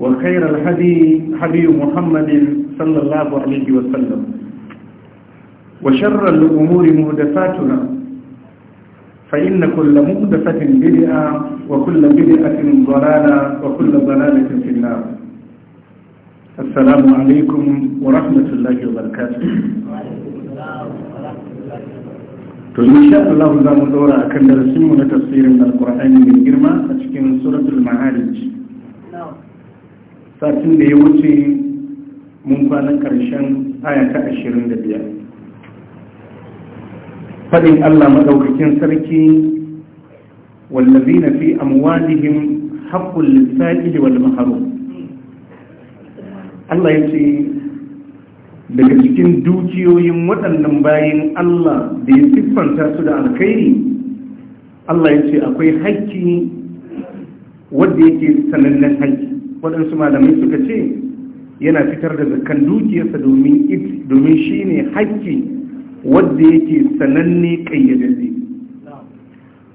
وخير الهدي هدي محمد صلى الله عليه وسلم وشر الأمور مهدفاتنا فإن كل مهدفة بدعة وكل بدعة ضلالة وكل ضلالة في النار السلام عليكم ورحمة الله وبركاته إن شاء الله za mu dora akan من القرآن من جرما qurani سورة المعارج satin da ya wuce mun kwanan karshen aya ta ashirin da biyar faɗin allah maɗaukakin sarki wallazina fi amwalihim haƙƙul lissaƙi wani maharu allah ya ce daga cikin dukiyoyin waɗannan bayan allah da ya siffanta su da alkhairi allah ya ce akwai haƙƙi wadda yake sanannen haƙƙi waɗansu malamai suka ce yana fitar da zakan dukiyarsa domin shi ne haƙƙi wadda yake sananne ƙayyadadde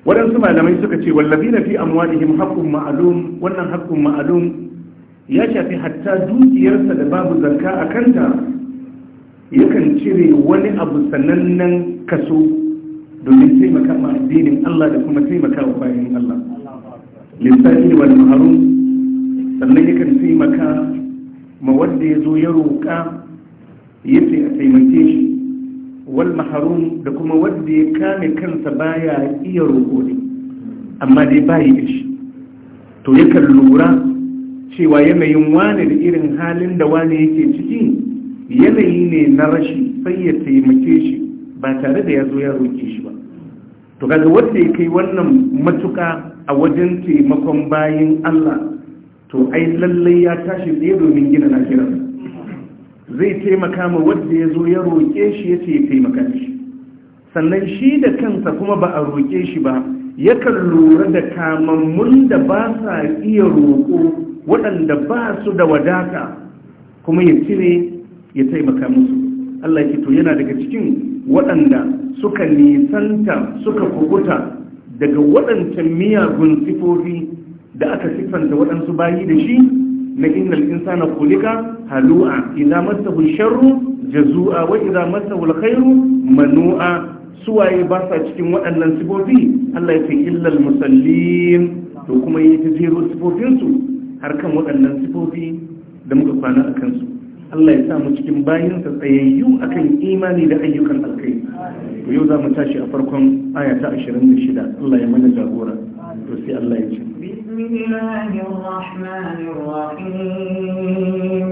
waɗansu malamai suka ce wallafi na fi amwalihim haƙƙun ma'alum wannan haƙƙun ma'alum ya shafi hatta dukiyarsa da babu zakka a kanta yakan cire wani abu sanannen kaso domin taimaka ma addinin Allah da kuma taimaka wa bayan Allah lissafi wal maharum sannan yakan taimaka ma wanda ya zo ya roƙa ya ce a taimake shi wal maharum da kuma wanda ya kame kansa baya iya roƙo ne amma dai bayi da shi to yakan lura cewa yanayin wane da irin halin da wane yake ciki yanayi ne na rashi sai ya taimake shi ba tare da ya zo ya roƙe shi ba to kaga wanda ya kai wannan matuƙa a wajen taimakon bayin Allah to ai lallai ya tashi tsaye domin gina na kiran. zai taimaka ma wanda ya zo ya roƙe shi ya ce ya taimaka shi sannan shi da kansa kuma ba a roƙe shi ba yakan lura da kamammun da ba sa iya roƙo waɗanda ba su da wadata kuma ya cire ya taimaka musu Allah ya to yana daga cikin waɗanda suka nisanta suka kukuta daga waɗancan miyagun sifofi da aka siffanta waɗansu bayi da shi na innal insana kulika halu'a idza massahu sharru jazu'a wa idza massahu alkhairu manu'a suwaye ba sa cikin waɗannan sifofi Allah ya ce illal musallin to kuma ya ji jero sifofin su har kan waɗannan sifofi da muka kwana a kansu Allah ya sa mu cikin bayin sa tsayayyu akan imani da ayyukan alkai to yau za mu tashi a farkon aya ta 26 Allah ya mana jagora to sai Allah ya ce بسم الله الرحمن الرحيم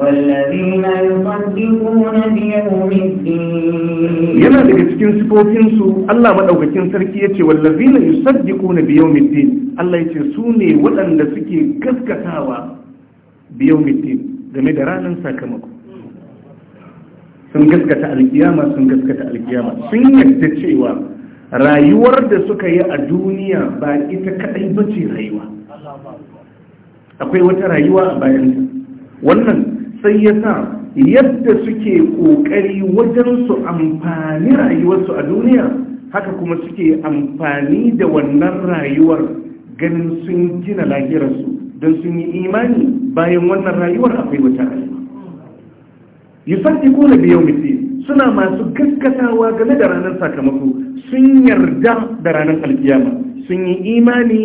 والذين يصدقون بيوم الدين yana daga cikin sifofinsu Allah maɗaukakin sarki yace na yusaddiquna biyawmiddin Allah ce su ne waɗanda suke gaskatawa biyawmiddin game da ranar sakamako sun gaskata alkiyama sun gaskata alkiyama sun yadda cewa rayuwar da suka yi a duniya ba ita kadai ba ce rayuwa akwai wata rayuwa a bayan wannan sai ya sa yadda suke kokari wajen su amfani rayuwarsu a duniya haka kuma suke amfani da wannan rayuwar ganin sun gina lahirarsu don sun yi imani bayan wannan rayuwar akwai wata rayuwa yusaddiquna bi yawmi suna masu gaskatawa game da ranar sakamako sun yarda da ranar alkiyama sun yi imani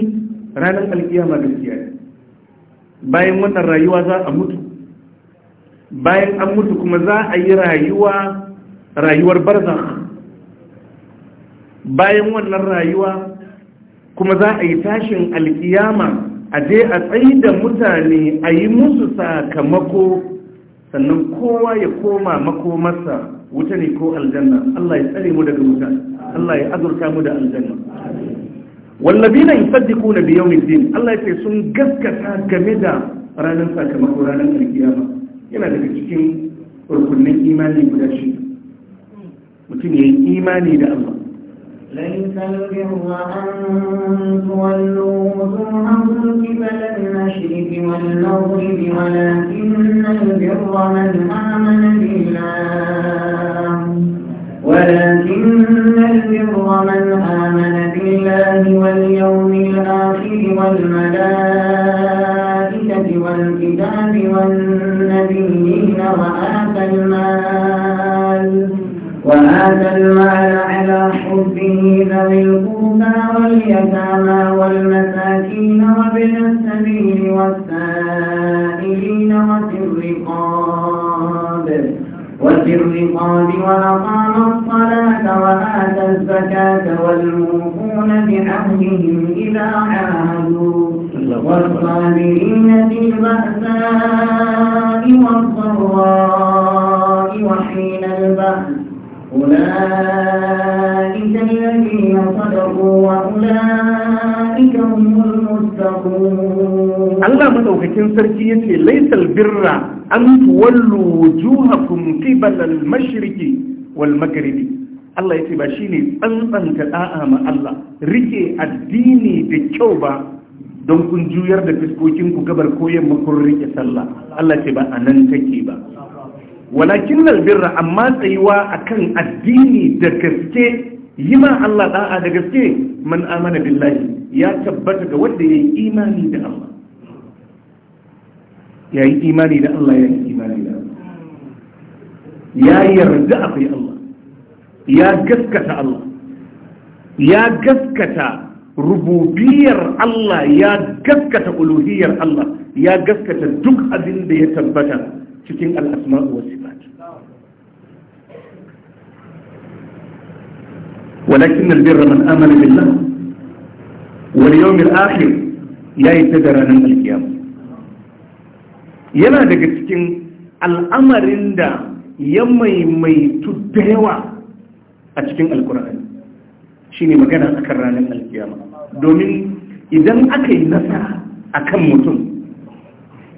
ranar alkiyama gaskiya bayan wannan rayuwa za a mutu bayan an mutu kuma za a yi rayuwa rayuwar barza, bayan wannan rayuwa kuma za a yi tashin alkiyama a je a tsayi da mutane a yi musu sakamako sannan kowa ya koma makomarsa wuta ne ko aljanna Allah ya tsare mu daga mutane Allah ya azurta mu da aljanna wallabina yusaddiquna bi yawmiddin Allah ya ce sun gaskata game da ranar sakamako ranar alkiyama yana daga cikin rukunin imani guda shi mutum yayi imani da Allah ليس البر أن تولوا وجوهكم قبل المشرق والمغرب ولكن البر من آمن بالله ولكن البر من آمن بالله واليوم الآخر والملائكة والكتاب والنبيين وآتى المال وآتى المال على حبه ذوي القربى واليتامى والمساكين وابن السبيل والسائل الرقاب وأقام الصلاة وآتى الزكاة والموفون بعهدهم إذا عادوا والصابرين في البأساء والضراء وحين البأس أولئك الذين صدقوا وأولئك هم المتقون الله مدوكتين سركية ليس البر أن تولوا وجوهكم قبل المشرق والمغرب Allah ya ce ba shi ne tsantsanta da'a ma Allah rike addini da kyau ba don kun juyar da ku gabar ko yamma rike sallah Allah ce ba a nan take ba walakin birra amma tsayuwa akan addini da gaske yi ma Allah da'a da gaske man amana billahi ya tabbata ga wanda ya yi imani da Allah ya yi imani da Allah ya yi imani da Allah ya yarda akwai Allah ya gaskata Allah ya gaskata rububiyar Allah ya gaskata uluhiyar Allah ya gaskata duk abin da ya tabbata cikin al'asma'u wasu walakin albirra man amana billah wal yawmil akhir yayi ta ranar yana daga cikin al'amarin da ya maimaitu da yawa a cikin alkur'ani shine magana akan ranar alkiyama domin idan aka yi a akan mutum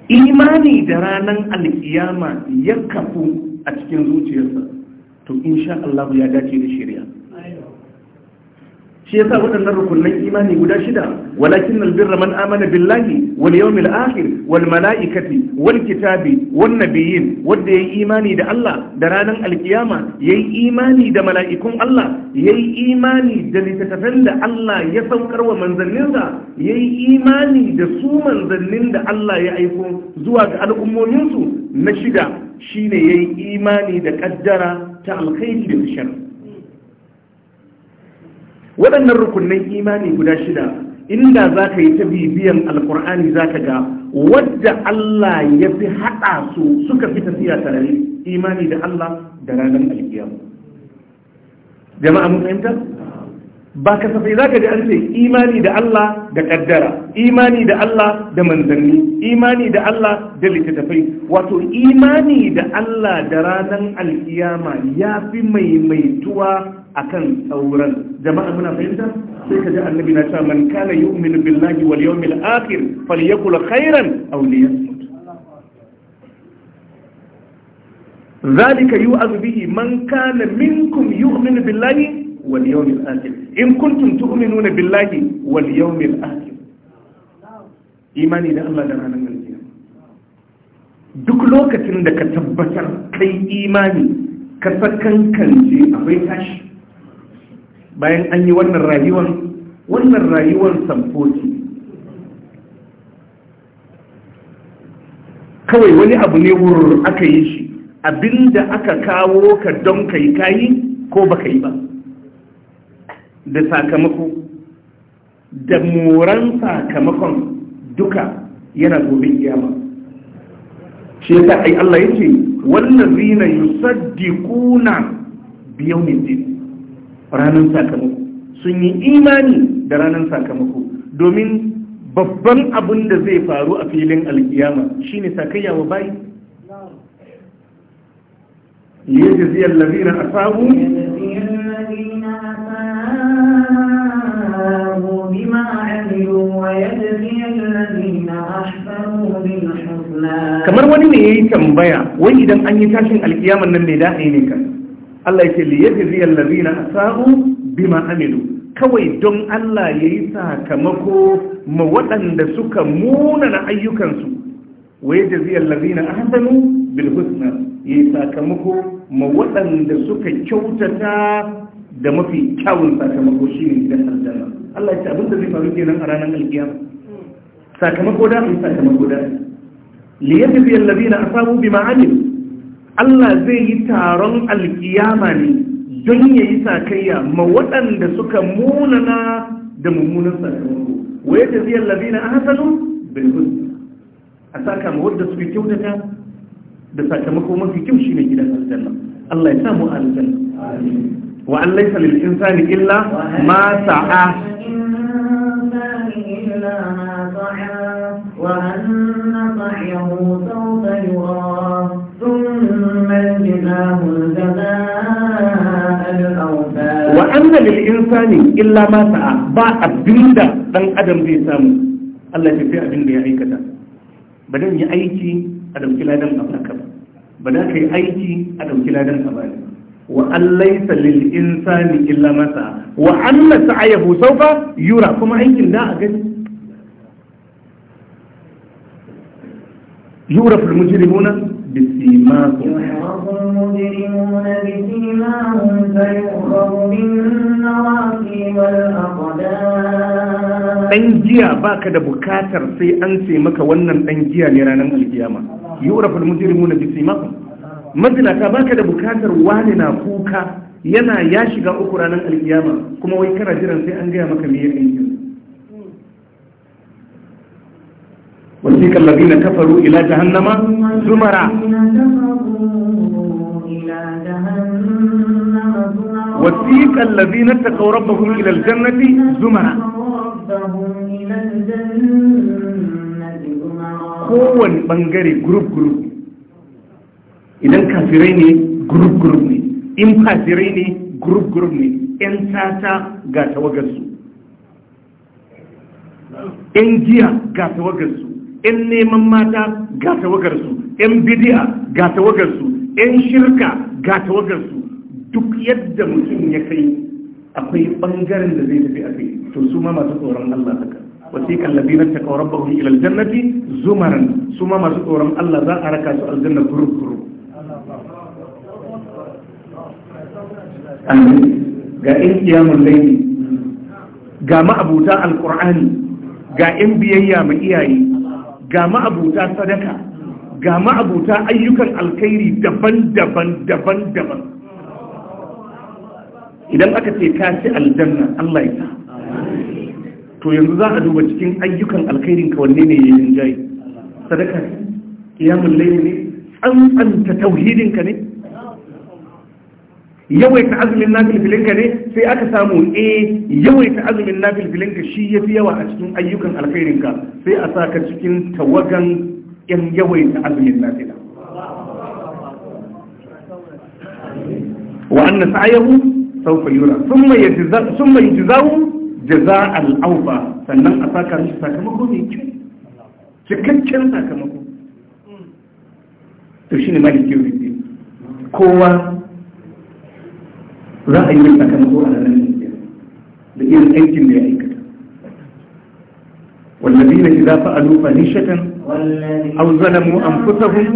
imani da ranar alkiyama ya kafu a cikin zuciyarsa to insha Allah ya dace da shirya. shi yasa waɗannan rukunan imani guda shida walakin albirra man amana billahi wal yawmil akhir wal malaikati wal kitabi wan nabiyyin wanda yayi imani da Allah da ranar alkiyama yayi imani da mala'ikun Allah yayi imani da littattafan da Allah ya saukar wa manzanninsa yayi imani da su manzannin da Allah ya aiko zuwa ga al'ummominsu na shida shine yayi imani da kaddara ta alkhairi da shar waɗannan rukunan imani guda shida inda za ka yi ta bibiyan alkur'ani za ka ga wadda Allah ya fi haɗa su suka fi tafiya tare imani da Allah da ranar alkiyama jama'a mun fahimta ba kasafai za ka ji an ce imani da Allah da ƙaddara, imani da Allah da manzanni imani da Allah da littattafai wato imani da Allah da ranar alkiyama ya fi maimaituwa akan tsauran jama'a muna fahimta sai ka ji annabi na cewa man kana yu'minu billahi wal yawmil akhir falyakul khairan aw liyasmut zalika yu'azu bihi man kana minkum yu'minu billahi wal yawmil akhir in kuntum tu'minuna billahi wal yawmil akhir imani da Allah da ranar alkiyama duk lokacin da ka tabbatar kai imani ka sakankance akwai tashi bayan an yi wannan rayuwar wannan rayuwan samfoci kawai wani abu ne wurin aka yi shi abinda aka kawo ka don ka yi kayi ko baka yi ba da sakamako da moran sakamakon duka yana gobe kiyama shi yasa ai Allah yi wallazina kuna biyawmin din ranar sakamako sun yi imani da ranar sakamako domin babban abin da zai faru a filin alkiyama shine sakayya wa bayi ليجزي الذين أساءوا بما عملوا ويجزي a أحسنوا kamar wani ne ya yi tambaya wani idan an yi tashin alkiyaman nan me da'i ne kan Allah yake li yajzi allazina asa'u bima amilu kawai don Allah ya yi sakamako ma waɗanda suka munana ayyukansu wa yajzi allazina ahsanu bil husna yi sakamako ma waɗanda suka kyautata da mafi kyawun sakamako shi ne gidan aljanna Allah ya ce abinda zai faru kenan a ranar alkiyama sakamako da sakamako da li yajzi allazina asabu bima amilu Allah zai yi taron alkiyama ne don ya yi sakayya ma waɗanda suka munana da mummunan sakamako waye ta ziyar labina a hasanu bilhus a saka ma wadda suka kyautata da sakamako mafi kyau shi ne gidan aljanna Allah ya samu aljanna wa an laisa lil insani illa ma sa'a laisa lil insani illa ma sa'a ba abinda dan adam zai samu Allah ya fi abin da ya aikata ba dan yi aiki a dauki ladan a baka ba ba da kai aiki a dauki ladan a bani wa an laisa lil insani illa ma sa'a wa anna sa'ayahu sawfa yura kuma aikin da a gani yura fil mujrimuna ɗan giya ba ka da bukatar sai an ce maka wannan ɗan jiya ne ranar alkiyama yi'urafa da mujirimu na bisi makon ba ka da bukatar wani na kuka yana ya shiga uku ranar alkiyama kuma wai kana jiran sai an gaya maka me ya وسيك الذين كفروا إلى جهنم زمرا وسيك الذين اتقوا ربهم إلى الجنة زمرا kowane bangare group-group idan kafirai ne group-group ne in kafirai ne group-group ne 'yan tata ga tawagarsu 'yan giya ga tawagarsu In neman mata ga tawagarsu in bidiya ga tawagarsu in shirka ga tawagarsu duk yadda mutum ya kai akwai bangaren da zai tafi a kai to su ma masu tsoron Allah haka wasiƙa labinar ta kawar bahu ila aljannati zumaran su ma masu tsoron Allah za a raka su aljanna group group ga in kiyamun laili ga ma'abuta alqur'ani ga in biyayya mai iyaye ga ma'abuta sadaka ga ma'abuta ayyukan alkhairi daban-daban daban-daban idan aka ce ka ci aljanna Allah ya sa to yanzu za a duba cikin ayyukan alkhairin ka wanne ne yayin jayi sadaka kiyamul layl ne tsantsanta tauhidin ka ne yawaita azumin na nafilfilinka ne sai aka samu eh yawaita azumin na nafilfilinka shi ya fi yawa a cikin ayyukan alkhairinka sai a sa saka cikin tawagan yan yawaita azumin na fila. wa anna sa'ayahu sawfa yura thumma yajza thumma yajzahu jaza'al awfa sannan a saka mishi sakamako mai kyau cikakken sakamako to shine malikin kowa za a yi mai sakamako a ranar kiyama da irin aikin da ya aikata والذين إذا فعلوا فاحشة أو ظلموا أنفسهم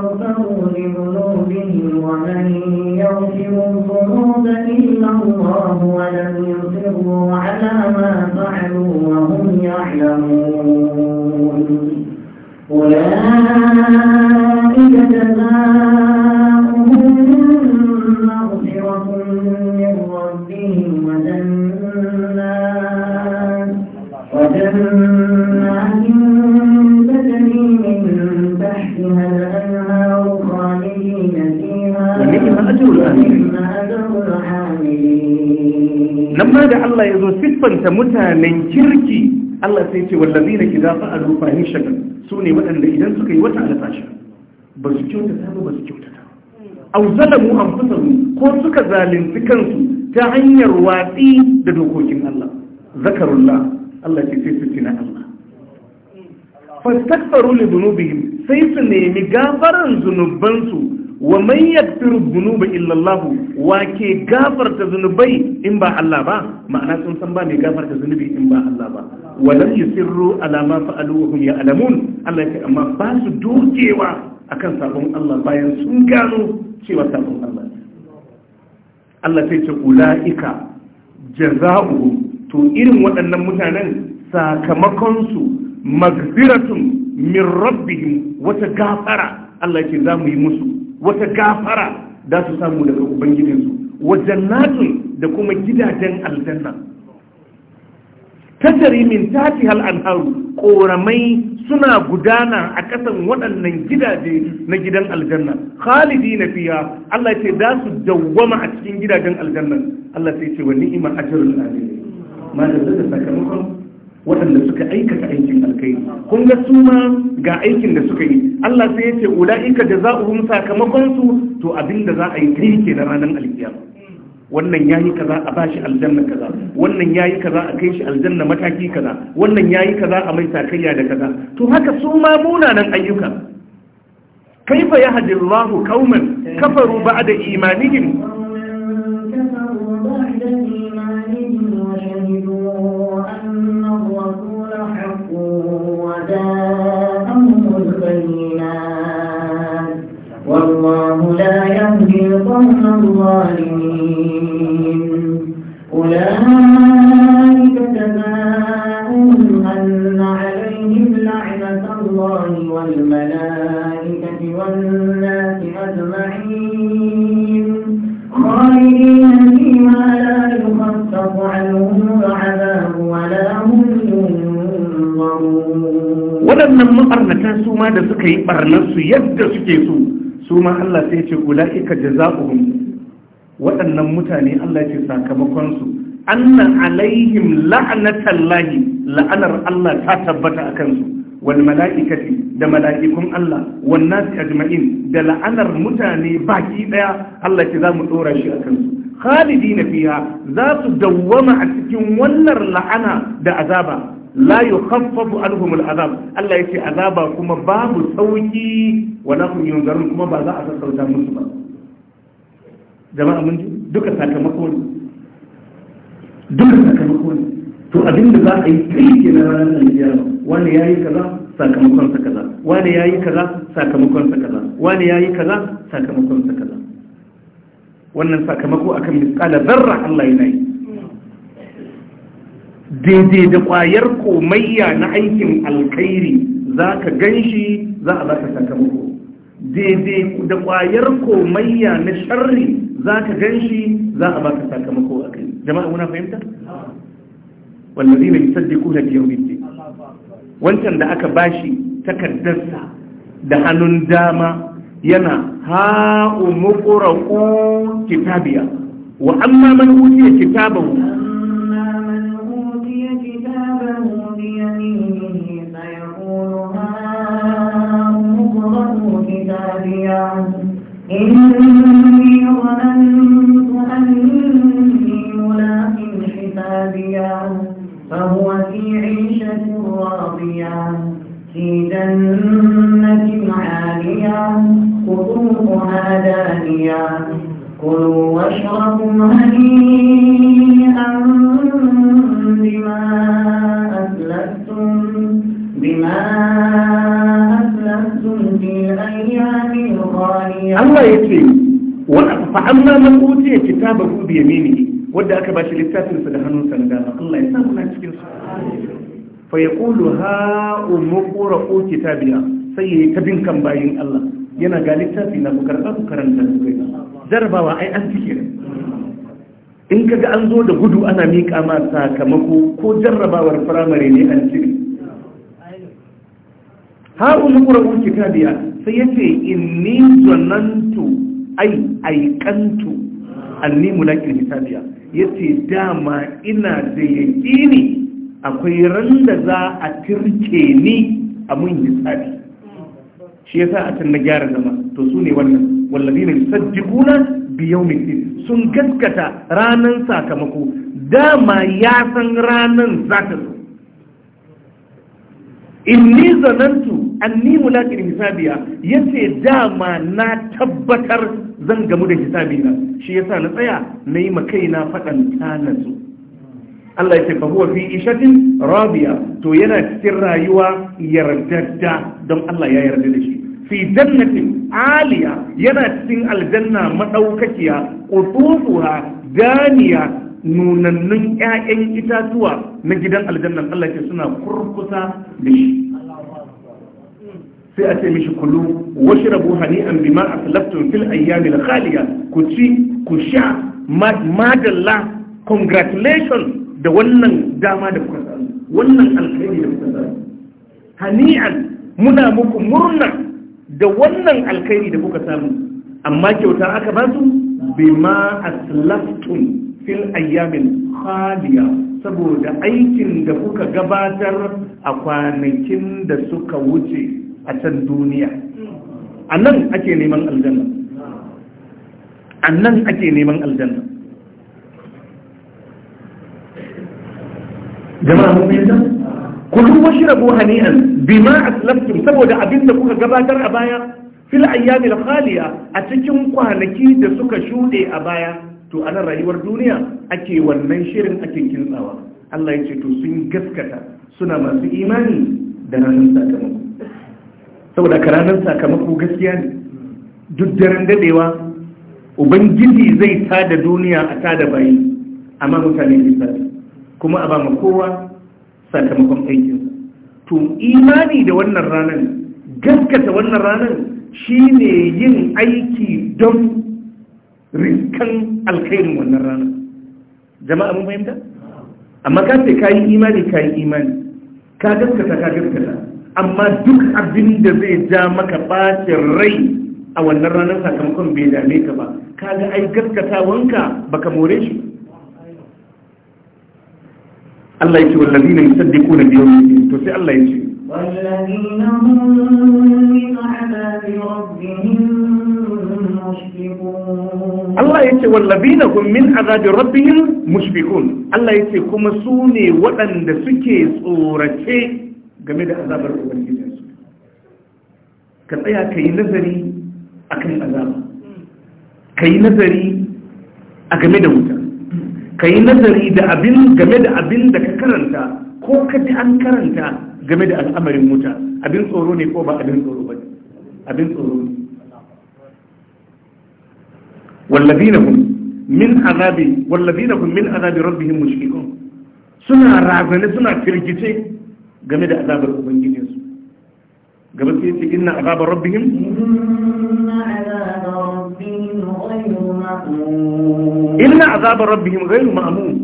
استغفروا لذنوبهم ومن يغفر الذنوب إلا الله ولم يصروا على ما فعلوا وهم يعلمون أولئك جزاؤهم مغفرة siffanta mutanen kirki Allah sai ce wallazi na kiza fa alu fahishatan su ne waɗanda idan suka yi wata alfashi ba su kyautata ba ba su kyautata aw zalamu anfusahum ko suka zalunci kansu ta hanyar watsi da dokokin Allah zakarullah Allah ce sai su tina Allah fastakfaru li dhunubihim sai su nemi gafaran zunubansu wa man yaghfiru dhunuba illa Allah wa ke gafarta zunubai in ba Allah ba ma'ana sun san ba mai gafarta zunubi in ba Allah ba wa lam yusirru ala ma fa'alu wa hum ya'lamun Allah ya amma ba su dokewa akan sabon Allah bayan sun gano cewa sabon Allah Allah sai ce ulaika jaza'u to irin waɗannan mutanen sakamakonsu magfiratun min rabbihim wata gafara Allah ce za mu yi musu wata gafara da su samu daga ubangijinsu wajen natu da kuma gidajen aljanna tajari min tati hal anharu ƙoramai suna gudana a kasan waɗannan gidaje na gidan aljanna khalidi na fiya Allah ce da su dawwama a cikin gidajen aljanna Allah ce wa ni'ima ajrul alim ma da sakamakon waɗanda suka aikata aikin alkhairi kun ga su ma ga aikin da suka yi Allah sai ya ce ulaika jazaohum sakamakon su to abinda za a yi ke da ranar alkiyama wannan yayi kaza a bashi aljanna kaza wannan yayi kaza a kai shi aljanna mataki kaza wannan yayi kaza a mai sakayya da kaza to haka su ma munanan ayyuka kaifa yahdillahu qauman kafaru ba'da imanihim barnarsu yadda suke so su ma Allah sai ce ula'ika jaza'uhum waɗannan mutane Allah ce sakamakonsu annan alaihim la'anatallahi la'anar Allah ta tabbata a kansu wal mala'ikati da mala'ikun Allah wan nasi ajma'in da la'anar mutane baki daya Allah ce zamu dora shi a kansu khalidina fiha za su dawwama a cikin wannan la'ana da azaba la yukhaffafu anhum al'azab Allah ya ce azaba kuma babu sauki kun hum yunzarun kuma ba za a sassauta musu ba jama'a mun duka sakamako ne duka sakamako ne to abinda za a yi kai ke na ranar alkiyama ya yi kaza sakamakon sa kaza ya yi kaza sakamakon sa kaza ya yi kaza sakamakon sa kaza wannan sakamako akan misqala zarra Allah ya yi daidai da ƙwayar komayya na aikin alkhairi za ka gan shi za a baka sakamako daidai da ƙwayar komayya na sharri za ka gan shi za a baka sakamako a kai jama'a muna fahimta? wallazi mai saddiku na biyu biyu wancan da aka bashi takardarsa da hannun dama yana ha'u muqra'u kitabiya wa amma man utiya kitabahu إني ظننت أني ملاق حسابيا فهو في عيشة راضية في جنة عالية قطوفها دانية كلوا واشربوا هنيئا بما Allah ya ce fa amma man kitabar kitabahu ya mini wadda aka bashi shi littafinsa da hannunsa na dama Allah ya samu na cikin su fa ya yaqulu ha ko kitabiya sai ya yi tabin kan bayin Allah yana ga littafi na ku karɓa ku karanta ku kai jarabawa ai an cike in kaga an zo da gudu ana miƙa ma sakamako ko jarrabawar firamare ne an cikin haƙun ƙura'un biya sai ya ce inni zonantu ai aikantu anni mulakin hisabiya ya ce dama ina da yaƙini akwai ran da za a turke ni a mun hisabi shi ya sa a can na gyara zama to su ne wannan wallabi ne sajjikuna biyau mai sun gaskata ranar sakamako dama ya san ranar za ta zo inni zanantu anni mulakin hisabiya yace dama na tabbatar zan gamu da hisabi na, shi yasa na tsaya na yi ma kaina faɗan tanasu Allah ya ce fa huwa fi ishatin rabiya to yana cikin rayuwa yardadda don Allah ya yarda da shi fi jannatin aliya yana cikin aljanna madaukakiya qutufuha daniya nunannun 'ya'yan itatuwa na gidan aljannan Allah ce suna kurkusa da shi sai a ce mishi kullum, wasu washrabu hani'an bima aslaftum fil ayyamil khaliya ku ci ku sha madalla congratulations da wannan dama da kuka samu wannan alkhairi da kuka samu hani'an muna muku murna da wannan alkhairi da kuka samu amma kyauta aka ba su bima aslaftum fil ayyamin khaliya saboda aikin da kuka gabatar a kwanakin da suka wuce a can duniya a nan ake neman aljanna a nan ake neman aljanna jama'a mun bayyana kullu washrabu hani'an bima aslaftum saboda abin da kuka gabatar a baya fil ayyamil khaliya a cikin kwanaki da suka shude a baya to a nan rayuwar duniya ake wannan shirin ake kintsawa Allah ya ce to sun gaskata suna masu imani da ranar sakamako saboda karanar sakamako gaskiya ne duk daren dadewa ubangiji zai da duniya a da bayi amma mutane ne sa kuma a ba ma kowa sakamakon aikinsa to imani da wannan ranar gaskata wannan ranar shine yin aiki don rikan alkhairin wannan ranar jama'a mun fahimta amma ka ce yi imani yi imani ka gaskata ka gaskata amma duk abin da zai ja maka bacin rai a wannan ranar sakamakon bai dame ka ba Ka kaga ai gaskatawanka baka more shi Allah yake wallazi ne musaddiqu na biyu to sai Allah yake wallazina Allah yake wallazina kun min azabi rabbihim mushfiqun Allah yake kuma su ne waɗanda suke tsorace game da azabar ubangijinsu ka tsaya ka yi nazari a kan azaba ka yi nazari a game da wuta ka yi nazari da abin game da abin da ka karanta ko ka ji an karanta game da al'amarin wuta abin tsoro ne ko ba abin tsoro ba abin tsoro ne wallazina hum min azabi wallazina min azabi rabbihim mushfiqun suna razane suna firgice game da azabar ubangijin su gaba sai ce inna azabar rabbihim inna azabar rabbihim gairu ma'mun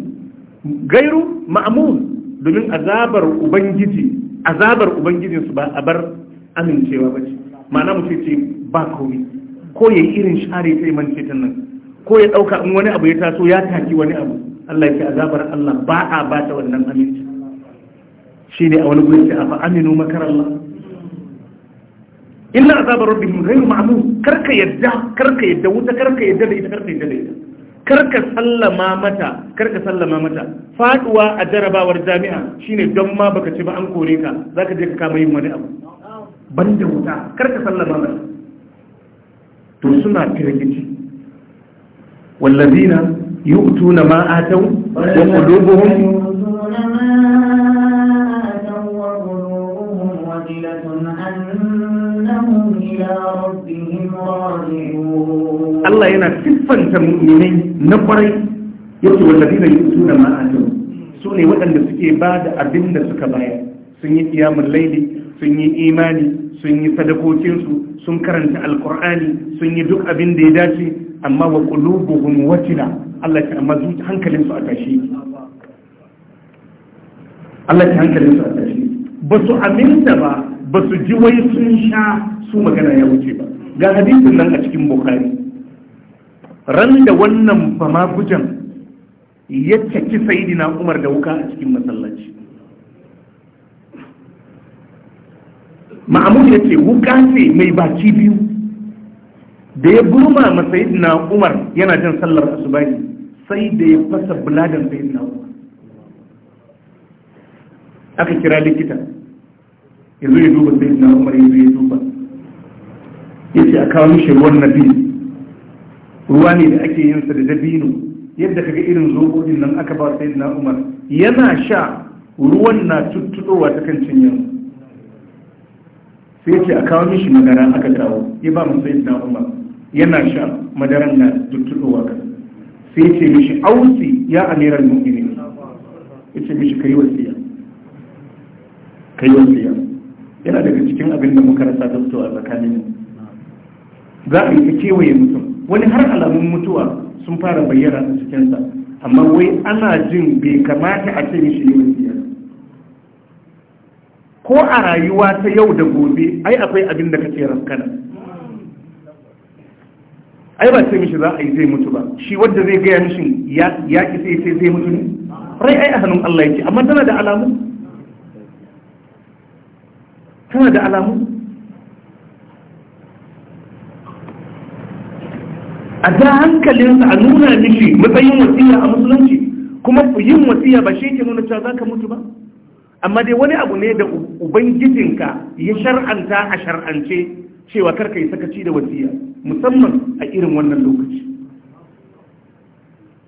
gairu ma'mun domin azabar ubangiji azabar ubangijin su ba a bar amincewa ba ce ma'ana mu ce ba kawai ko ya yi irin share ta man ce nan ko ya dauka in wani abu ya taso ya taki wani abu Allah ya ce azabar Allah ba a ba ta wannan aminci shine a wani gurin sai afa aminu makarallah illa azab rabbihim ghayru ma'mun karka yadda karka yadda wuta karka yadda da ita karka yadda da ita karka sallama mata karka sallama mata Faɗuwa a jarabawar jami'a shine don ma baka ci ba an kore ka zaka je ka kama yin wani abu banda wuta karka sallama mata to suna firgici wallazina yu'tuna na atau wa qulubuhum Allah yana siffanta mu'minai na kwarai yake wallazina yutuna ma atun su ne waɗanda suke ba da abin da suka baya, sun yi kiyamun laili sun yi imani sun yi sadakokinsu sun karanta alkur'ani sun yi duk abin da ya dace amma wa qulubuhum watila Allah ya amma zuci hankalin su a tashi Allah ya hankalin su a tashi ba su aminta ba ba su ji wai sun sha su magana ya wuce ba ga hadisin nan a cikin bukhari ran da wannan fama gujan ya caki sayidina umar da wuka a cikin masallaci ma'amud ya ce wuka ce mai baki biyu da ya burma ma sayidina umar yana jan sallar asubahi sai da ya fasa buladan sayidina umar aka kira likita ya zo ya duba sayidina umar ya zo ya duba ya ce a kawo mishi ruwan nabi ruwa ne da ake yin sa da dabino yadda kaga irin zobo nan aka ba sai na umar yana sha ruwan na tuttuɗowa ta kan cinyar sai ce a kawo mishi madara aka kawo ya ba mu sai na umar yana sha madaran na tuttuɗowa kan sai ce mishi ausi ya amiran mu'mini ya ce mishi kai wasiya kai wasiya yana daga cikin abin da muka rasa ta a tsakanin za a yi ta kewaye mutum wani har alamun mutuwa sun fara bayyana a cikinsa amma wai ana jin bai kamata a ce shi ne wasiya ko a rayuwa ta yau da gobe ai akwai abin da kace raskana ai ba sai mishi za a yi zai mutu ba shi wanda zai gaya mishi ya ki sai sai zai mutu ne rai ai a hannun Allah yake amma tana da alamu tana da alamu a da hankalinsa a nuna mishi matsayin wasiya a musulunci kuma yin wasiya ba shi ke nuna cewa za ka mutu ba amma dai wani abu ne da ubangijinka ya shar'anta a shar'ance cewa karka yi sakaci da wasiya musamman a irin wannan lokaci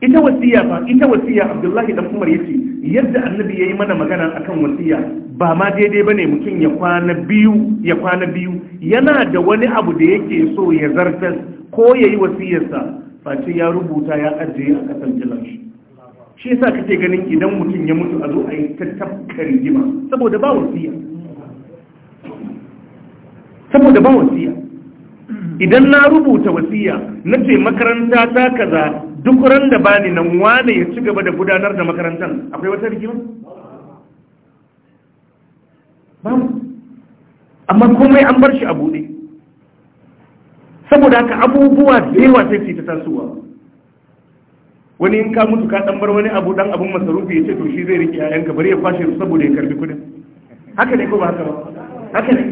ita wasiya ba ita wasiya abdullahi dan umar yace yadda annabi yayi mana magana akan wasiya ba ma daidai ba ne mutum ya kwana biyu ya kwana biyu yana da wani abu da yake so ya zartar ko ya yi wasiyarsa face ya rubuta ya ajiye a ƙasar jilan shi shi yasa kake ganin idan mutum ya mutu a zo a yi ta tafka rigima saboda ba wasiya saboda ba wasiya idan na rubuta wasiya na ce makaranta ta kaza duk ran da bani nan wane ya ci gaba da gudanar da makarantar akwai wata rigima amma komai an bar shi a buɗe saboda haka abubuwa da yawa sai su ta tasowa wani in ka mutu ka ɗan bar wani abu dan abun masarufi ya ce to shi zai rike yayanka bari ya fashe su saboda ya karbi kudin haka ne ko ba haka ba haka ne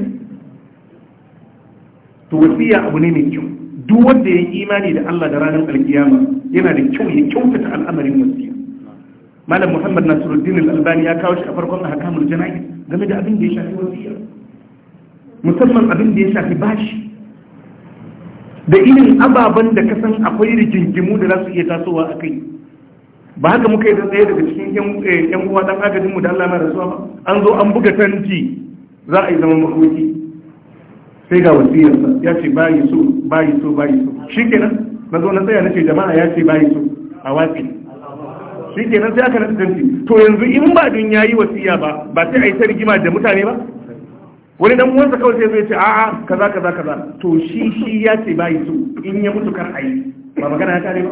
to wasiya abu ne mai kyau duk wanda ya imani da Allah da ranar alkiyama yana da kyau ya kyautata al'amarin wasiya malam muhammad nasiruddin al-albani ya kawo shi a farkon ahkamul janaiz game da abin da ya shafi wasiya musamman abin da ya shafi bashi da irin ababen da kasan akwai rigingimu da za su iya tasowa a kai ba haka muka yi da tsaye daga cikin yan eh, uwa dan agajin mu da Allah mai rasuwa ba an zo an buga tanti za a yi zaman makoki sai ga wasiyarsa ya ce bayi so bayi so bayi so kenan na zo na tsaya na ce jama'a ya ce bayi so a watsi shi kenan sai aka nasu tanti to yanzu in ba dun yayi wasiya ba ba sai a yi ta rigima da mutane ba wani dan uwansa kawai sai zai ce a'a kaza kaza kaza to shi shi ya ce ba yi so in ya mutu kar a yi ba magana ya kare ba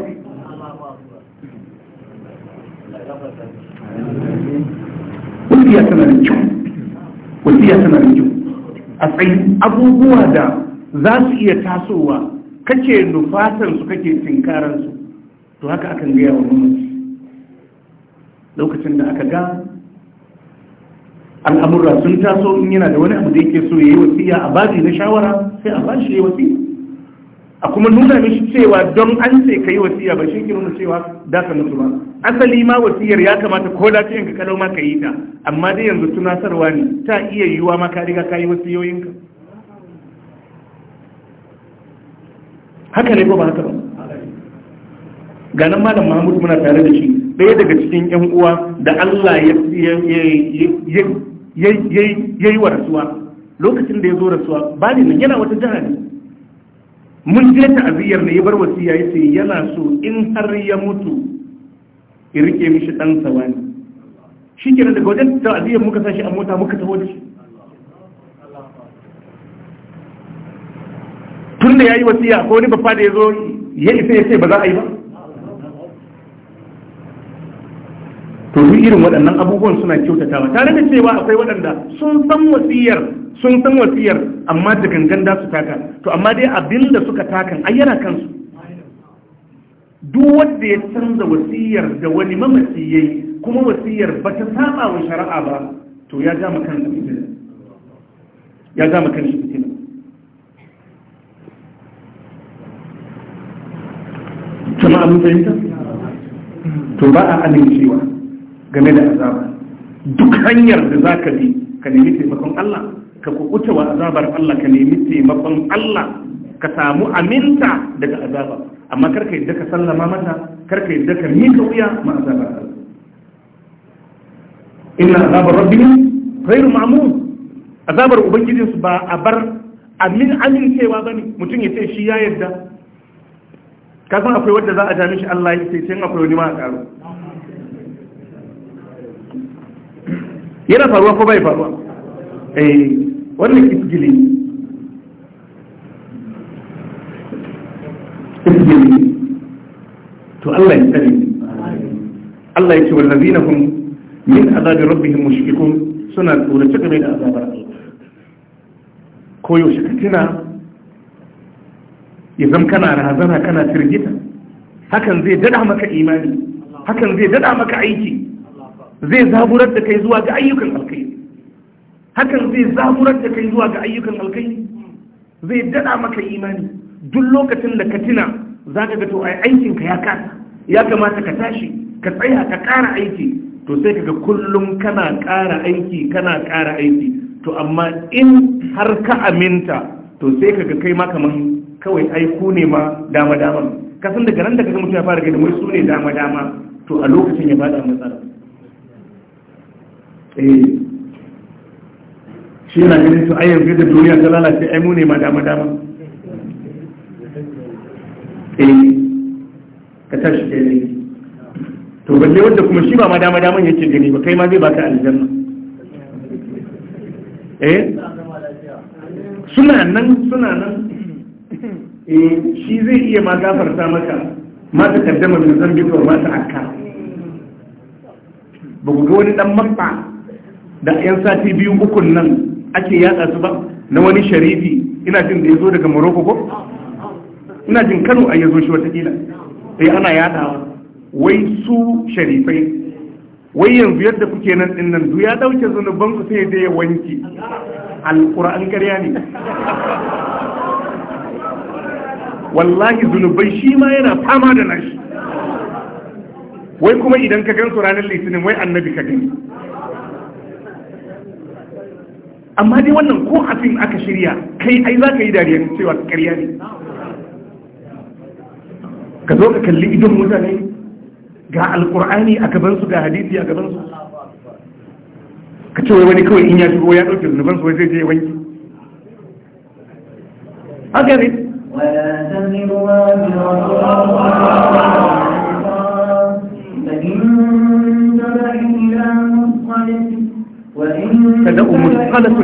wasiya tana da kyau wasiya tana da kyau a tsayin abubuwa da za su iya tasowa kake su kake tinkaransu to haka akan gaya wa mamaci lokacin da aka ga al'amurra sun taso in yana da wani abu da yake so ya yi wasiya a baji na shawara sai a bashi ya yi wasiya a kuma nuna mishi cewa don an ce ka yi wasiya ba shi ke nuna cewa da ka mutu ba asali ma wasiyar ya kamata ko da ka kalau ma ka yi ta amma dai yanzu tunasarwa ne ta iya yiwuwa ma ka riga ka yi wasiyoyinka haka ne ko ba haka ba ganin malam mahmud muna tare da shi ɗaya daga cikin yan uwa da Allah ya yi wa rasuwa lokacin da ya zo rasuwa ba ne nan yana wata jihar. ne mun je ta'aziyar ne ya bar wasiya ya ce yana so in har ya mutu ya rike mishi ɗan sawa ne shi kenan daga wajen ta'aziyar muka sashi a mota muka taho da shi tun da ya yi wasiya ko wani bafa da ya zo ya isa ya ce ba za a yi ba irin waɗannan abubuwan suna kyautatawa tare da cewa akwai waɗanda sun san wasiyar sun san wasiyar amma da gangan da su taka to amma dai abin da suka takan ai yana kansu duk wanda ya canza wasiyar da wani mamaci yayi kuma wasiyar ba ta saba wa shari'a ba to ya ga makan fitina ya ga makan fitina jama'a mun fahimta to ba a amincewa game da azaba duk hanyar da za ka bi ka nemi taimakon Allah ka kuɓuta wa azabar Allah ka nemi taimakon Allah ka samu aminta daga azaba amma karka yadda ka sallama mata karka yadda ka mika wuya ma azabar Allah inna azabar rabbi ghairu ma'mun azabar su ba a bar amin amincewa bane mutum ya ce shi ya yarda kasan akwai wanda za a jami shi Allah ya ce sai akwai wani ma a karo yana faruwa ko bai faruwa eh wannan isgili isgili to Allah ya tsare Allah ya ce wallazina hum min azabi rabbihim mushrikun suna tsorace game da azabar ko yaushe ka tuna ya zama kana razana kana firgita hakan zai dada maka imani hakan zai dada maka aiki zai zaburar da kai zuwa ga ayyukan alkai hakan zai zaburar da kai zuwa ga ayyukan alkai zai dada maka imani duk lokacin da ka tuna za ka ga to aikin ka ya kasa ya kamata ka tashi ka tsaya ka kara aiki to sai kaga kullum kana kara aiki kana kara aiki to amma in har ka aminta to sai kaga kai ma kaman kawai ai ku ne ma dama dama kasan daga nan da mutum ya fara gani wai su ne dama dama to a lokacin ya bada matsala Eh. shi na ganin su ayyar da duniya ta lalace ai mu ne ma dama dama eh ka tashi da ne to balle wanda kuma shi ba ma dama ya ce gani ba kai ma zai baka aljanna eh suna nan suna nan eh shi zai iya ma gafarta maka ma ta kaddama min zambi ko ma ta akka ba ku ga wani dan mabba da yan sati biyu ukun nan ake yatsa su ba na wani sharifi ina jin da ya zo daga morocco ko ina jin kano a ya zo shi watakila sai eh, ana yada wai su sharifai wai yanzu yadda kuke nan din nan ya dauke zunuban ku sai da ya wanki alquran ƙarya ne wallahi zunubai shi ma yana fama da nashi wai kuma idan ka gan su ranar litinin wai annabi ka gani amma dai wannan ko a fim aka shirya kai ai za ka yi ne cewa karya ne ka zo ka kalli idon mutane ga alkur'ani a gabansu ga hadisi a gabansu ka ce wani kawai in ya shigo ya ɗauke zunuban su zai je wanki haka ne kada umar مشغلة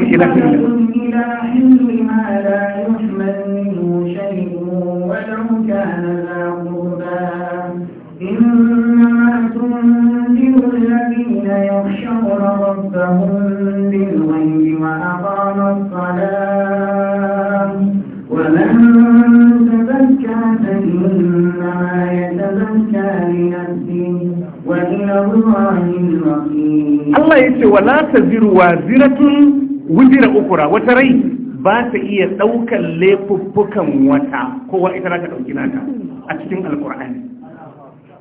إلى حلم ما لا يحمل منه شيء ولو كان إنما تنذر الذين يخشون ربهم بالغيب وأقام الصلاة ومن تزكى فإنما يتزكى لنفسه وإلى الله المصير الله يقول ولا تزر وازرة wujira ukura wata rai ba ta iya ɗaukan laifuffukan wata kowa ita za ta ɗauki nata a cikin alkur'ani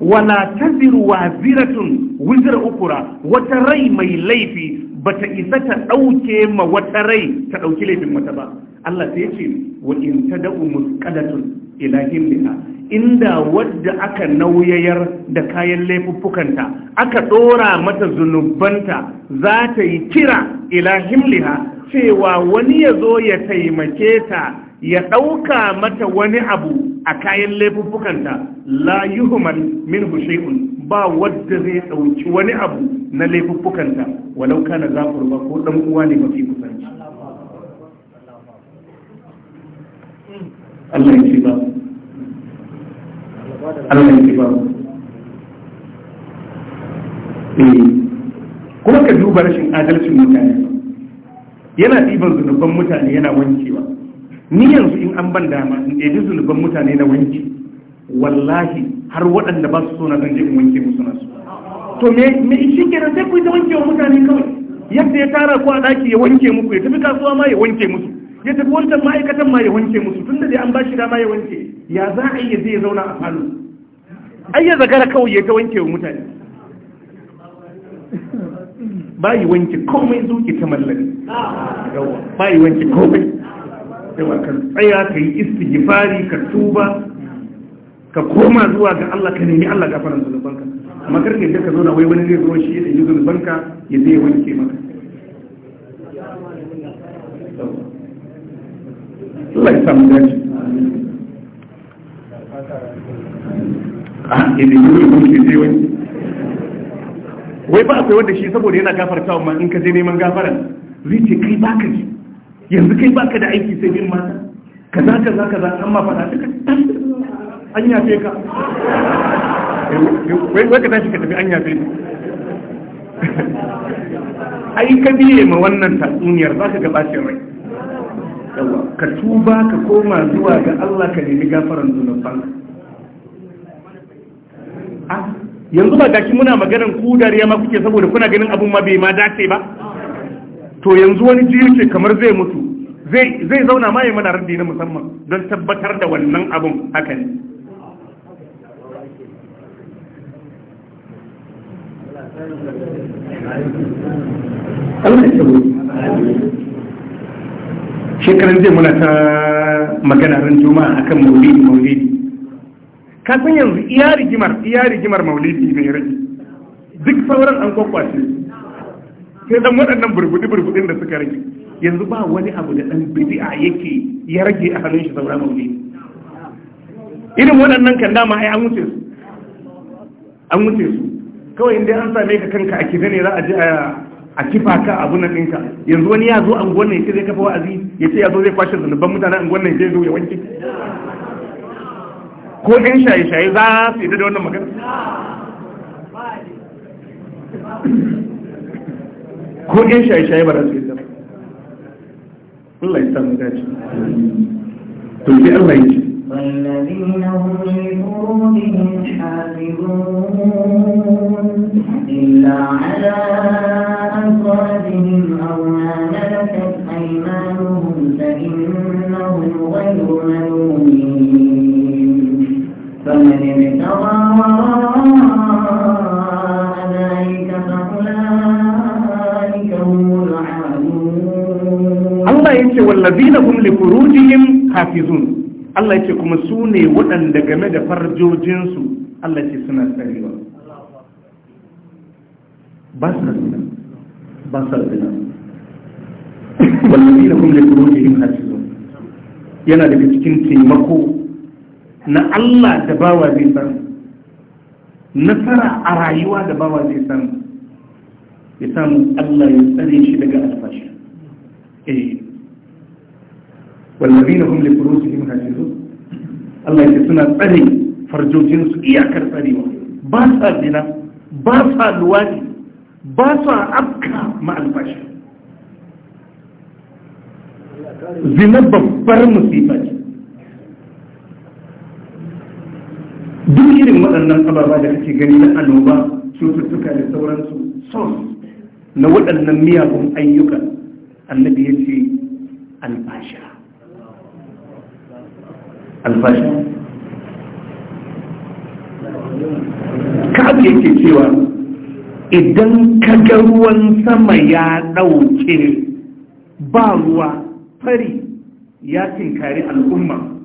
wala taziru waziratun wizra ukura wata rai mai laifi bata isa ta ɗauke ma wata rai ta ɗauki laifin wata ba Allah sai ce wa in tada'u musqalatun ila himliha inda wadda aka nauyayar da kayan laifuffukanta aka ɗora mata zunubanta za ta yi kira ilahim liha cewa wani ya zo ya taimake ta ya ɗauka mata wani abu a kayan laifuffukanta la yuhumar min hushe'un ba wadda zai ɗauki wani abu na laifuffukanta walau kana ba ko ɗan uwa ne mafi kusanci Allah Allah ya eh, kuma ka duba rashin adalcin mutane yana ɗiban zunuban mutane yana wankewa ni yanzu in an ban dama in ɗebi zunuban mutane na wanke wallahi har waɗanda ba su so na zan je in wanke musu nasu to me me shi kenan sai ku ta wanke wa mutane kawai yadda ya tara ku a ɗaki ya wanke muku ya tafi kasuwa ma ya wanke musu ya tafi wancan ma'aikatan ma ya wanke musu tun da dai an ba shi dama ya wanke ya za a yi zai zauna a falo ai ya zagara kawai ya ta wanke wa mutane ba yi wanke komai zuki ta mallaka ba yi wanke komai yawa ka tsaya ka yi istighfari ka tuba ka koma zuwa ga Allah ka nemi Allah gafaran zunubanka amma karni da ka zo na wai wani zai zo shi ya yi zunubanka ya zai wanke maka Allah ya samu dace a idan yi mun ke je wani wai ba akwai wanda shi saboda yana gafarta ma in ka je neman gafaran zai ce kai baka ji yanzu kai baka da aiki sai bin mata za ka za an ma faɗa duka an yafe ka wai ka tashi ka tafi an yafe ka ai ka biye ma wannan tatsuniyar za ka gaba shi rai ka tuba ka koma zuwa ga Allah ka nemi gafaran zunubanka yanzu ba gashi muna maganan ku dariya ma kuke saboda kuna ganin abun ma bai ma dace ba to yanzu wani jiyo ce kamar zai mutu zai zauna ma yayin mana na musamman don tabbatar da wannan abun haka ne Allah ya shekaran zai muna ta magana ran a akan maulidi maulidi ka san yanzu iya rigimar iya rigimar maulidi bai rage duk sauran an kwakwace sai dan waɗannan burbudi burbudin da suka rage yanzu ba wani abu da dan a yake ya rage a hannun shi sauran maulidi irin waɗannan kan dama ai an wuce su an wuce su kawai inda an same ka kanka a kida ne za a je a a kifa ka abu na ɗinka yanzu wani ya zo anguwan nan yace zai kafa wa'azi yace ya zo zai kwashe zanuban mutane anguwan nan zai zo ya wanke ko ɗin shaye-shaye za su yi da wannan magana ko ɗin shaye-shaye ba za su yi da Allah ya samu dace to sai Allah ya ce والذين هم لفروجهم حافظون إلا على أزواجهم أو ما ملكت أيمانهم فإنهم غير ملومين فمن ابتغى وراء ذلك فأولئك هم العادون الله يقول والذين هم لفروجهم حافظون Allah ce kuma su ne waɗanda game da farjojinsu Allah ce suna tsarewa ba su zina ba su zina wallafi da kuma da kuma jihin hasizu yana daga cikin taimako na Allah da bawa zai san nasara a rayuwa da bawa zai san ya samu Allah ya tsare shi daga alfashi eh, wallazina hum li furujihim hafizun Allah ya suna tsare farjojinsu su iyakar tsarewa ba sa zina ba sa luwadi ba sa abka ma albashi zina babbar musifa ce duk irin waɗannan ababa da kake gani na annoba cututtuka da sauransu son na waɗannan miyagun ayyukan annabi ya ce albasha alfashi ka'ab yake cewa idan kaga ruwan sama ya ɗauke ba ruwa fari ya tinkari al'umma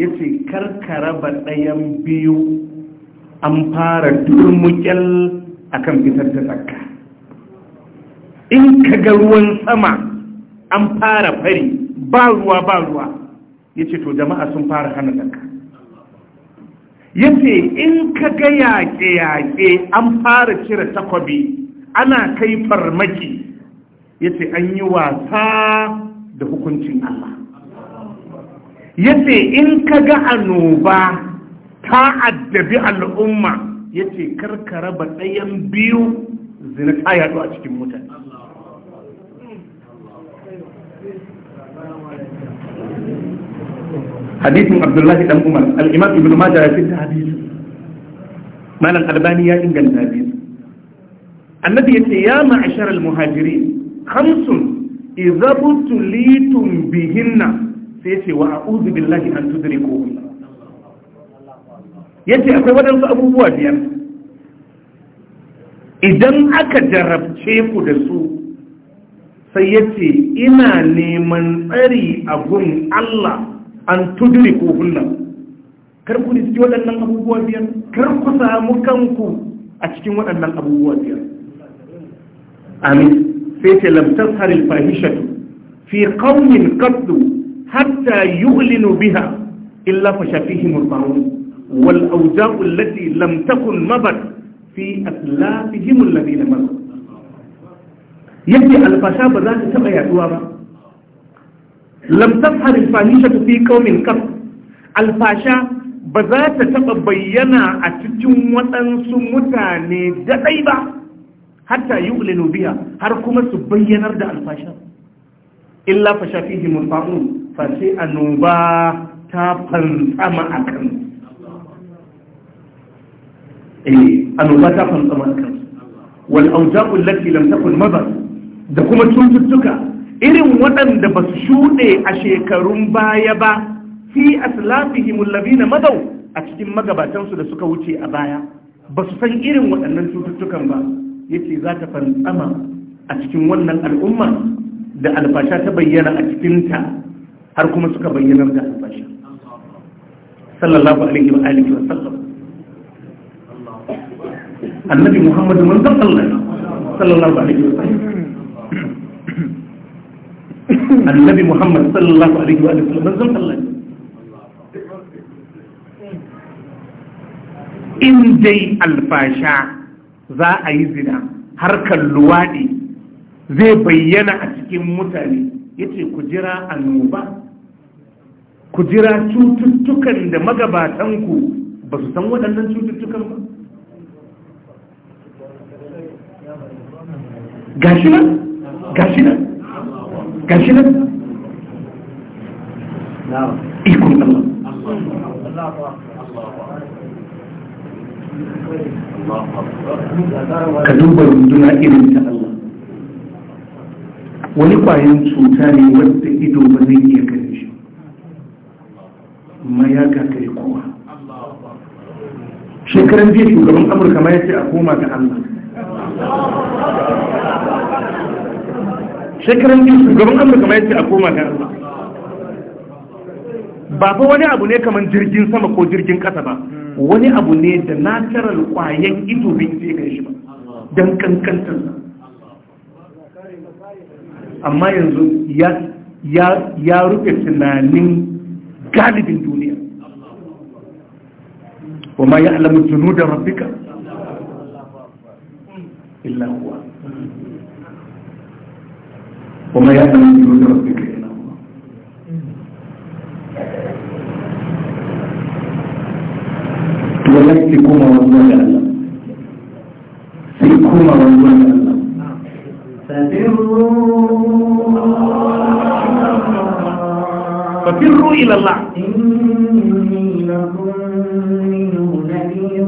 ya ce karkara ba ɗayan biyu an fara turmukyal a kan fitar da tsakka in kaga ruwan sama an fara fari ba ruwa ba ruwa ya ce to jama'a sun fara hana zakka ya ce in ka ga yaƙe-yaƙe an fara cire takwabi ana kai farmaki ya ce an yi wasa da hukuncin Allah ya ce in ka ga annoba ta addabi al'umma ya ce karkara ba ɗayan biyu zina ta yaɗu a cikin mutane hadisin abdullahi dan umar al-imam ibnu ya fita hadisi malam albani ya inganta hadisi annabi yace ya ma'ashar al-muhajirin khamsun idza butulitum bihinna sai yace wa billahi yace akwai waɗansu abubuwa biyar idan aka jarabce ku da su sai yace ina neman tsari a gun Allah an tudiri ko hunna kar ku riski waɗannan abubuwa biyar kar ku samu kanku a cikin waɗannan abubuwa biyar amin sai ce lamtar harin fahishatu fi ƙaunin kaddu hatta yu'linu biha illa fa shafihi murbaun wal auja'u allati lam takun mabat fi aslafihim alladhina mabat yadda albasha ba za ta taɓa yaduwa ba lam tashhar al-fahisha fi qaumin qat al-fasha ba za ta taba bayyana a cikin waɗansu mutane daɗai ba hatta yu'linu biya har kuma su bayyanar da alfasha illa fa shafihi murfa'un fa sai annoba ta fantsama a akan eh annoba ta fantsama a wal awja'u allati lam takun madar da kuma cututtuka irin waɗanda ba su shuɗe a shekarun baya ba fi aslafihim alladhina madaw a cikin magabatansu da suka wuce a baya ba su san irin waɗannan cututtukan ba yace za ta fantsama a cikin wannan al'umma da alfasha ta bayyana a cikin ta har kuma suka bayyana da alfasha sallallahu alaihi wa alihi wa sallam annabi muhammadu manzon Allah sallallahu alaihi wa sallam annabi muhammad sallallahu alaihi wa sallam manzon Allah in dai alfasha za a yi zina harkar luwaɗi zai bayyana a cikin mutane ya ce ku jira annoba ku jira cututtukan da magabatanku ba su san waɗannan cututtukan ba gashi nan gashi nan gashi nan ikon Allah ka duba runduna irin ta Allah wani kwayan cuta ne wadda ido ba zai iya gani shi ma ya gagari kowa shekaran jiya shugaban amurka ma ya ce a koma ga Allah shekaran biyu shugaban amurka ma ce a koma ta ba fa wani abu ne kamar jirgin sama ko jirgin kasa ba wani abu ne da natural kwayan ido bai je gan shi ba don kankantar amma yanzu ya rufe tunanin galibin duniya wa ma ya'lamu da rabbika illa وما يأمن من جنود ربك إلا الله ولكن كما والله أعلم سيكون والله أعلم ففروا إلى الله إني لكم منه نذير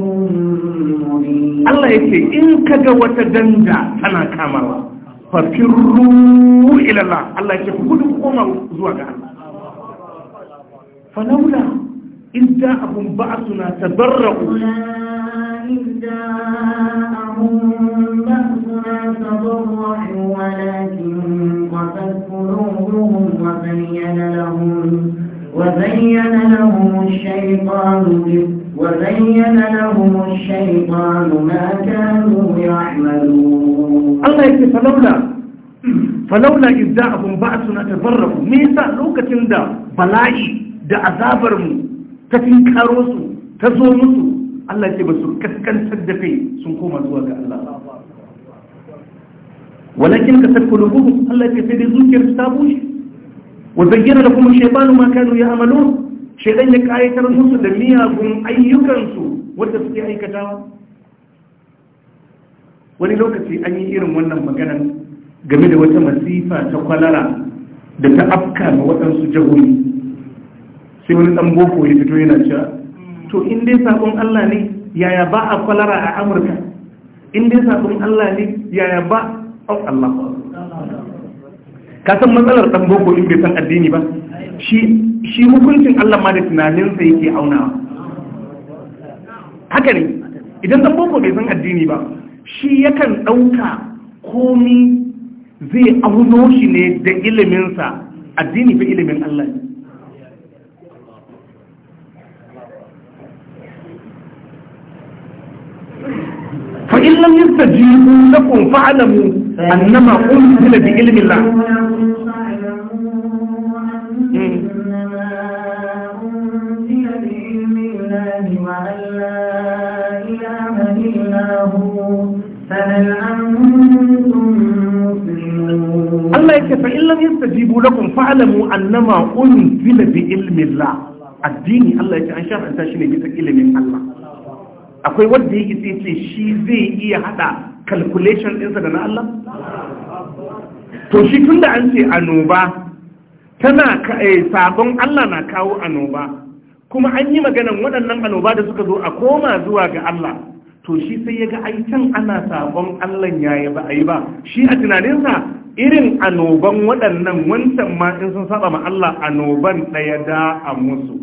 الله يقول إن كجوة دنجا تنا كامرا ففروا إلى الله الله يقول قمر زواج الله فلولا إن جاءهم بعثنا تبرعوا لولا إن جاءهم بعثنا تبرعوا ولكن قتل قلوبهم وبين لهم وبين لهم الشيطان بالطبع وزين لهم الشيطان ما كانوا يعملون الله يكفي فلولا فلولا إذ جاءهم بأسنا تفرقوا ميسا لوكة دا بلائي دا عذابرم تتنكاروسو تزومسو Allah ce ba su kaskantar da kai sun koma zuwa ga Allah walakin ka sarko da gugu Allah ce sai dai zuciyar ta bushe wa zayyana da kuma shaibanu ma kanu ya amalo shedan ya ƙayatar musu da miyagun ayyukansu wanda suke aikatawa wani lokaci an yi irin wannan maganan game da wata masifa ta kwalara da ta afka ma waɗansu jahuni sai wani ɗan boko ya fito yana cewa to in dai sabon Allah ne yaya ba a kwalara a Amurka in dai sabon Allah ne yaya ba a Allah ka san matsalar ɗan boko in bai san addini ba shi hukuncin Allah ma da tunaninsa yake auna haka ne idan dan boko bai san addini ba shi yakan ɗauka komi zai auno shi ne da iliminsa addini fi ilimin Allah ne فإن لم يستجيبوا لكم annama أنما bi ilimin الله Allah لا إله إلا هو فهل أنتم مسلمون الله يكفى إن لم يستجيبوا لكم فاعلموا أنما أنزل addini Allah ya ce an shar'anta shi ne bisa ilimin Allah akwai wanda yake sai ce shi zai iya hada calculation ɗinsa da na Allah to shi tun da an ce annoba tana sabon Allah na kawo annoba kuma an yi maganan waɗannan annoba da suka zo a koma zuwa ga Allah to shi sai ya ga can ana sabon Allah ya yi ba a yi ba shi a tunaninsa irin annoban waɗannan wancan ma in sun saba ma Allah annoban ɗaya da a musu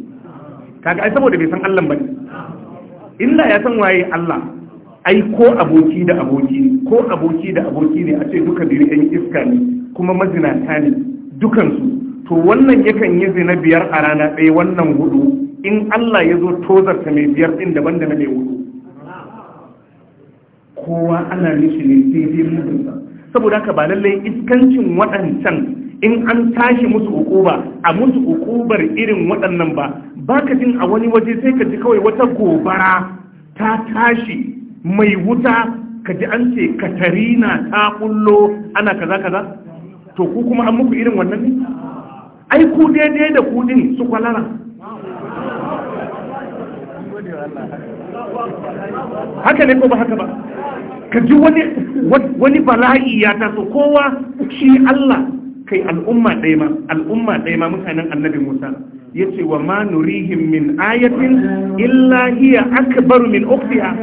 kaga ai saboda bai san Allah ba illa ya san waye Allah ai ko aboki da aboki ko aboki da aboki ne a ce duka biyu ɗan iska ne kuma mazinata ne dukansu to wannan yakan yi zina biyar a rana ɗaya wannan hudu in Allah ya zo tozarta mai biyar ɗin daban da na mai wudu kowa ana nishi ne daidai mudunsa saboda haka ba lallai iskancin waɗancan in an tashi musu ukuba a musu hukubar irin waɗannan ba ba jin a wani waje sai ka ji kawai wata gobara ta tashi mai wuta ka ji an ce katarina ta kullo ana kaza kaza to ku kuma an muku irin wannan ne ai ku daidai da kudin su kwalara haka ne ko ba haka ba ka ji wani bala'i ya taso kowa shi Allah kai al'umma ɗaya ma al'umma ɗaya ma mutanen annabi Musa ce wa ma nurihim min ayatin illa akbaru min ukhtiha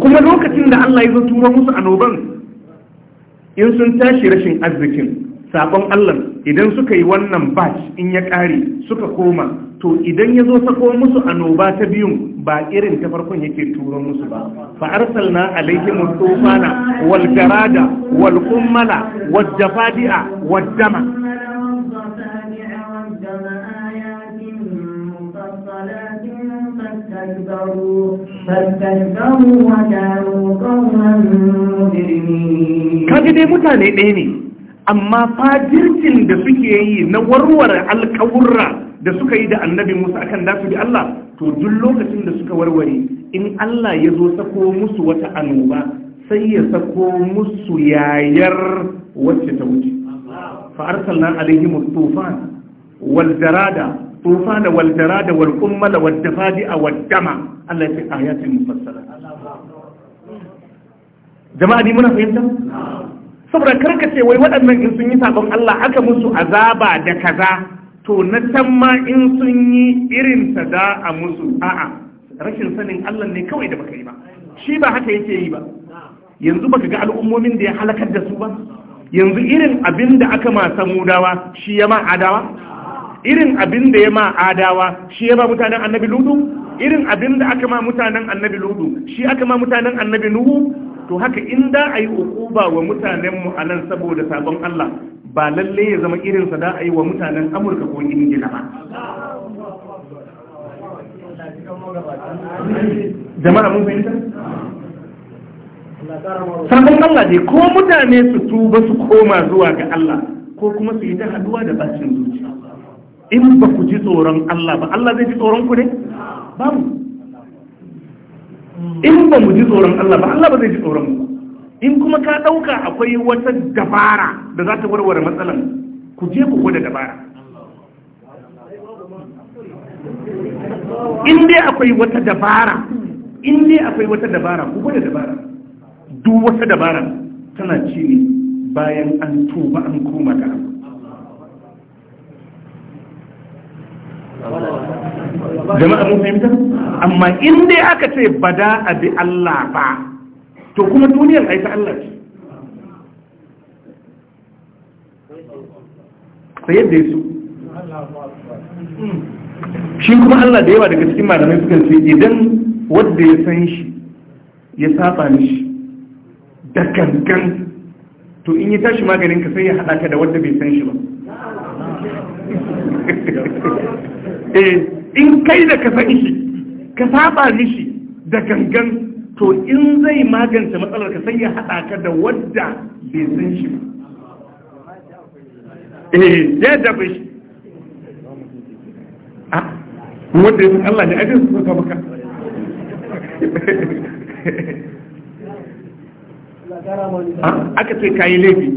kuma lokacin da Allah ya zo turo musu annoban in sun tashi rashin arzikin sakon Allah idan suka yi wannan batch in ya ƙare suka koma to idan ya zo sako musu annoba ta biyun ba irin ta farkon yake turo musu ba fa arsalna alaihim tufana wal garada wal kummala wal jafadi'a wal dama فاستكبروا فاستكبروا وكانوا قوما مجرمين كاجي دي amma fajircin da suke yi na warware alkawurra da suka yi da annabi musa akan dasu bi Allah to duk lokacin da suka warware in Allah ya zo sako musu wata annoba sai ya sako musu yayar wacce ta wuce fa arsalna alaihim tufan wal jarada Sufa da waltara da walƙumma da waddafadi a waddama Allah ya ce ayatul jama'a ni muna fahimta saboda karka ce wai waɗannan in sun yi sabon Allah aka musu azaba da kaza to na can ma in sun yi irin da a musu a'a rashin sanin Allah ne kawai da baka yi ba shi ba haka yake yi ba yanzu baka ga al'ummomin da ya halakar da su ba yanzu irin abin da aka ma dawa shi ya ma adawa irin abin da ya ma adawa shi ya ba mutanen annabi ludu irin abin da aka ma mutanen annabi ludu shi aka ma mutanen annabi nuhu to haka in da a yi ukuba wa mutanen mu a nan saboda sabon Allah ba lalle ya zama sa da a yi wa mutanen amurka ko ingila ba jama'a mun fahimta sabon Allah dai ko mutane su tuba su koma zuwa ga Allah ko kuma su yi ta haduwa da bacin zuciya in ba ku ji tsoron Allah ba Allah zai ji tsoron ku ne ba mu in ba mu ji tsoron Allah ba Allah ba zai ji tsoron mu in kuma ka dauka akwai wata dabara da za ta warware matsalan ku je ku gwada dabara in dai akwai wata dabara in dai akwai wata dabara ku gwada dabara duk wata dabara tana ci ne bayan an tuba an koma ga Allah jama'a mun fahimta amma in dai aka ce bada a bi Allah ba to kuma duniyar ai Allah ce sai yadda ya so shi kuma Allah da yawa daga cikin malamai suka ce idan wadda ya san shi ya saba shi, da gangan to in yi tashi maganin ka sai ya haɗa ka da wadda bai san shi ba Eh, in kai da ka sani shi ka saba mishi da gangan to in zai magance matsalar ka sai ya haɗa ka da wadda bai san shi ba eh ya dafa shi ah wanda ya Allah ne ajin su ka maka ah, aka ce kayi laifi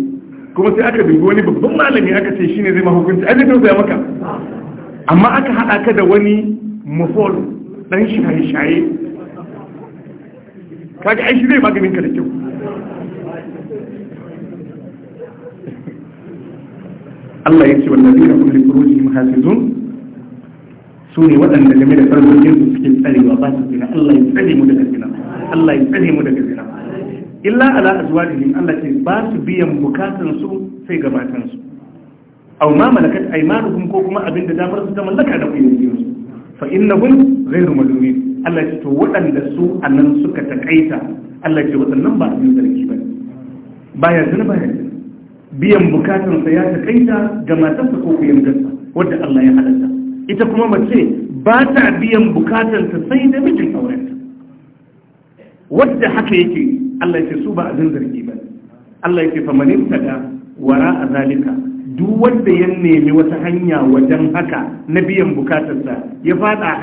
kuma sai aka dubi wani babban malami aka ce shine zai mahukunci ajin ya maka amma aka haɗa ka da wani muhol ɗan shaye-shaye kaga aishi zai maganin ka da kyau Allah ya ce wallazi na kulle furoji muhafizun su ne waɗanda game da farkojin su suke tsarewa ba su zina Allah ya tsare mu daga zina Allah ya tsare mu daga zina illa ala azwajihim Allah ce ba su biyan bukatun su sai gabatan su aw ma malakat aymanukum ko kuma abin damar su ta mallaka da kuyin su fa zai ghayru malumin Allah ya to waɗanda su anan suka takaita Allah ya waɗannan ba abin zargi bane baya zina baya zina biyan bukatansa ya takaita ga matarsa ko kuyin gasa wadda Allah ya halatta ita kuma mace ba ta biyan bukatanta sai da mijin aurenta wadda haka yake Allah ya ce su ba abin zargi ba Allah ya ce fa wara azalika. duk wanda ya nemi wata hanya wajen haka na biyan bukatarsa ya fada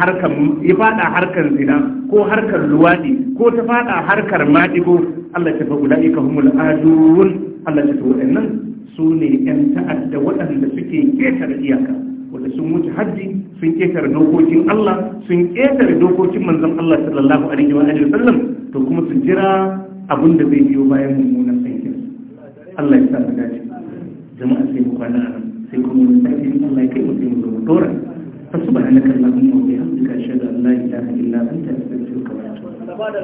harkar zina ko harkar luwaɗi ko ta fada harkar maɗigo Allah ta faɗi la'ika humul adun Allah ta faɗi nan su ne ‘yan ta'adda waɗanda suke ƙetare iyaka wanda sun wuce hajji sun ƙetare dokokin Allah sun ƙetare dokokin manzon Allah sallallahu alaihi wa sallam to kuma su jira abin da zai biyo bayan mummunan aikinsu Allah ya sa dace jama'a sai mu kwana nan sai kuma wani sake in Allah kai mu sai mu zama dora fasu ba na kan lamun mu bi hamdika shada Allah ilaha illa anta astaghfiruka wa atubu